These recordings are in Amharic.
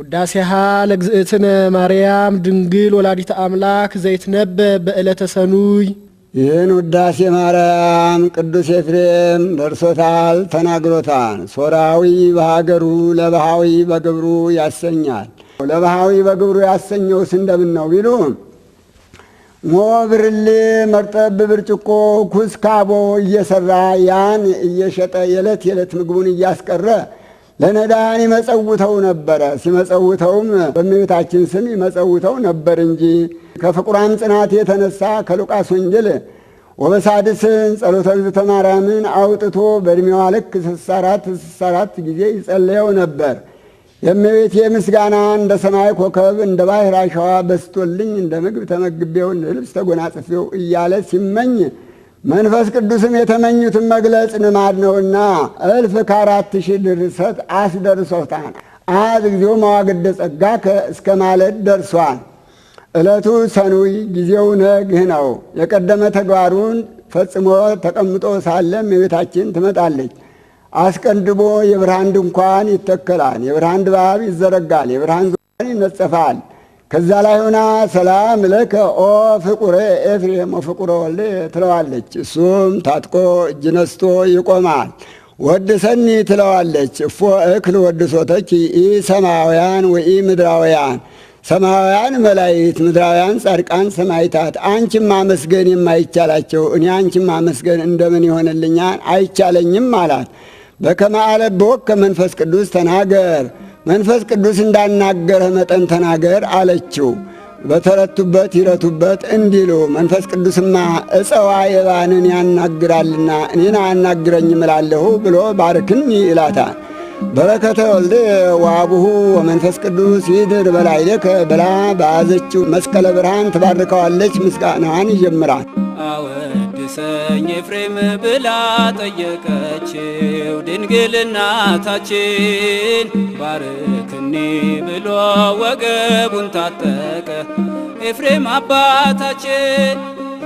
ውዳሴሃ ለእግዝእትነ ማርያም ድንግል ወላዲተ አምላክ ዘይትነበ በዕለተ ሰኑይ። ይህን ውዳሴ ማርያም ቅዱስ ኤፍሬም ደርሶታል፣ ተናግሮታል። ሶራዊ በሀገሩ ለባሃዊ በግብሩ ያሰኛል። ለባሃዊ በግብሩ ያሰኘውስ እንደምን ነው ቢሉ ሞ ብርሌ መርጠብ ብርጭቆ ኩስካቦ እየሰራ ያን እየሸጠ የዕለት የዕለት ምግቡን እያስቀረ ለነዳያን ይመጸውተው ነበረ። ሲመጸውተውም በእመቤታችን ስም ይመጸውተው ነበር እንጂ ከፍቁራን ጽናት የተነሳ ከሉቃስ ወንጌል ወበሳድስ ጸሎተ እግዝእተ ማርያምን አውጥቶ በእድሜዋ ልክ ስሳ አራት አራት ጊዜ ይጸለየው ነበር። የእመቤቴ ምስጋና እንደ ሰማይ ኮከብ እንደ ባህር አሸዋ በስቶልኝ እንደ ምግብ ተመግቤው እንደ ልብስ ተጎናጽፌው እያለ ሲመኝ መንፈስ ቅዱስም የተመኙትን መግለጽ ልማድ ነውና እልፍ ከአራት ሺህ ድርሰት አስደርሶታል። አዝ ጊዜው መዋግደ ጸጋ እስከ ማለት ደርሷል። ዕለቱ ሰኑይ ጊዜው ነግህ ነው። የቀደመ ተግባሩን ፈጽሞ ተቀምጦ ሳለም የቤታችን ትመጣለች። አስቀንድቦ የብርሃን ድንኳን ይተከላል። የብርሃን ድባብ ይዘረጋል። የብርሃን ዙፋን ይነጸፋል። ከዛ ላይ ሆና ሰላም ለከ ኦ ፍቁሬ ኤፍሬም ወፍቁረ ወልደ ትለዋለች። እሱም ታጥቆ እጅ ነስቶ ይቆማል። ወድሰኒ ትለዋለች። እፎ እክል ወድሶተች ኢ ሰማያውያን ወኢ ምድራውያን ሰማያውያን መላይት ምድራውያን ጻድቃን ሰማይታት አንቺም ማመስገን የማይቻላቸው እኔ አንቺም ማመስገን እንደምን ይሆንልኛ አይቻለኝም አላት። በከመ አለብወከ መንፈስ ቅዱስ ተናገር መንፈስ ቅዱስ እንዳናገረ መጠን ተናገር አለችው። በተረቱበት ይረቱበት እንዲሉ መንፈስ ቅዱስማ እፀዋ የባንን ያናግራልና እኔን አናግረኝ ምላለሁ ብሎ ባርክኝ ይላታል። በረከተ ወልድ ዋቡሁ ወመንፈስ ቅዱስ ይድር በላዕሌከ ብላ በያዘችው መስቀለ ብርሃን ትባርከዋለች። ምስጋናዋን ይጀምራል። ሰኝ ኤፍሬም ብላ ጠየቀችው ድንግል እናታችን። ባርክኒ ብሎ ወገቡን ታጠቀ ኤፍሬም አባታችን።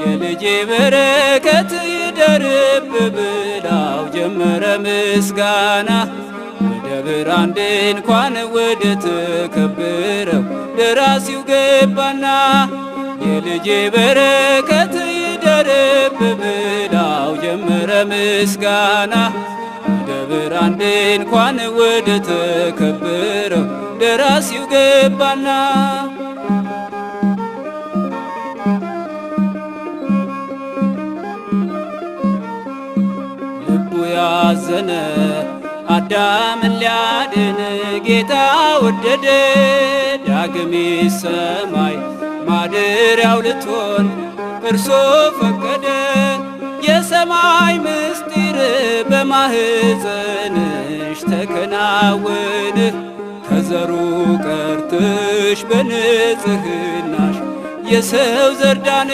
የልጄ በረከት ይደርብ ብላው ጀመረ ምስጋና ደብር አንድ እንኳን ወደ ተከበረው ደራሲው ገባና የልጄ በረከት ለምስጋና ደብር አንድ እንኳን ወደ ተከበረው ደራሲው ገባና ልቡ ያዘነ አዳምን ሊያድን ጌታ ወደደ ዳግሜ ሰማይ ማደሪያው ልትሆን እርሶ ፈቀደ። የሰማይ ምስጢር በማህፀንሽ ተከናወነ። ከዘሩ ቀርተሽ በንጽህናሽ የሰው ዘርዳነ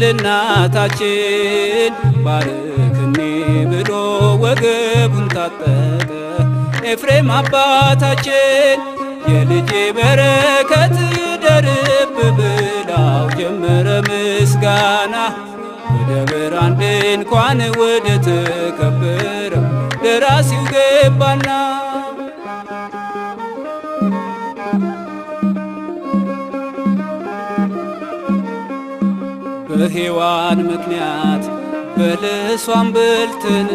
ድንግል እናታችን ባርክኔ ብሎ ወገቡን ታጠቀ ኤፍሬም አባታችን የልጄ በረከት ደርብ ብላው ጀመረ ምስጋና ደብር አንድ እንኳን ወደ ተከበረው ደራሲው ገባና በሔዋን ምክንያት በለሷን በልተን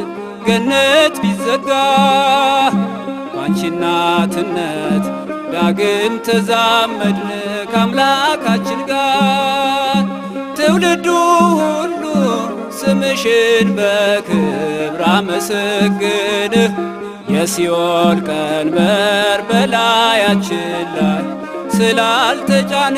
ገነት ቢዘጋ ባንቺናትነት ዳግም ተዛመድን ከአምላካችን ጋር ትውልዱ ሁሉ ስምሽን በክብር አመሰግንህ። የሲኦል ቀንበር በላያችን ላይ ስላልተጫነ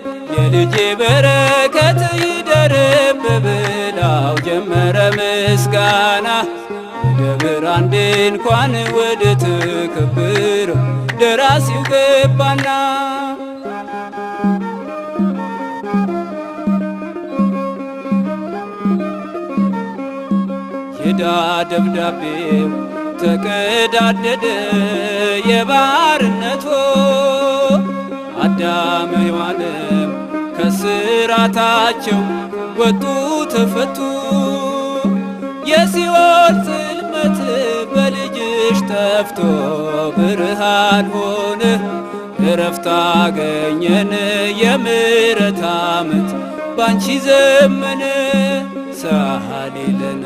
የልጄ በረከት ይደርብ ብላው ጀመረ ምስጋና ደብር አንድ እንኳን ወደ ትክብር ደራሲው ገባና የዳ ደብዳቤው ተቀዳደደ የባርነቶ አዳም ሔዋንም ከስራታቸው ወጡ ተፈቱ። የሲኦል ጽልመት በልጅሽ ጠፍቶ ብርሃን ሆነ። እረፍት አገኘን የምሕረት ዓመት ባንቺ ዘመን ሰአሊ ለነ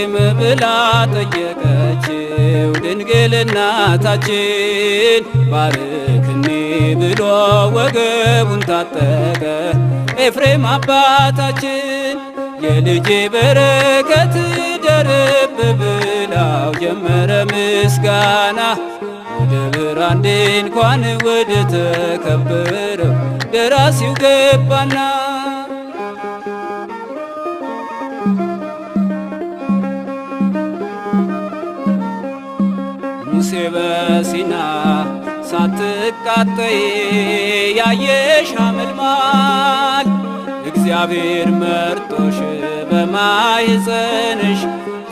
ሆይም ብላ ጠየቀችው ድንግል እናታችን። ባርክኒ ብሎ ወገቡን ታጠቀ ኤፍሬም አባታችን። የልጄ በረከት ደርብ ብላው ጀመረ ምስጋና ወደ ብራንዴ እንኳን ወደ ተከበረው ደራሲው ገባና በሲና ሳትቃጠይ ያየሽ አመልማል እግዚአብሔር መርጦሽ በማኅፀንሽ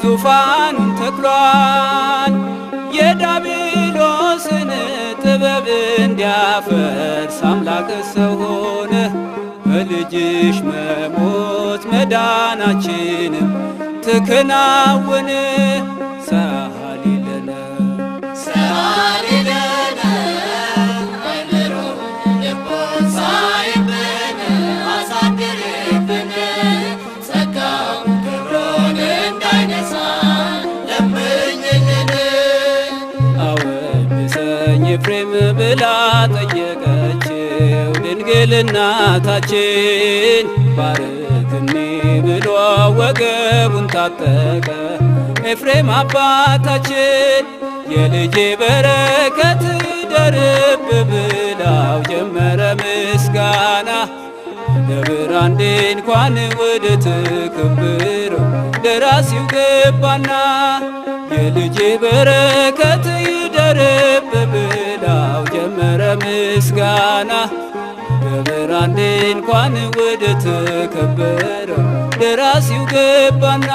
ዙፋኑን ተክሏል። የዳቢሎስን ጥበብ እንዲያፈርስ አምላክ ሰው ሆነ። በልጅሽ መሞት መዳናችን ትከናውን ብላ ጠየቀችው ድንግል እናታችን። ባርክኒ ብሎ ወገቡን ታጠቀ ኤፍሬም አባታችን። የልጄ በረከት ደርብ ብላው ጀመረ ምስጋና ነብር አንዴ እንኳን ወደ ትክብር ደራሲው ገባና የልጄ በረከት ይደርብ ምስጋና ደብር አንዴ እንኳን ወደ ተከበረው ደራሲው ገባና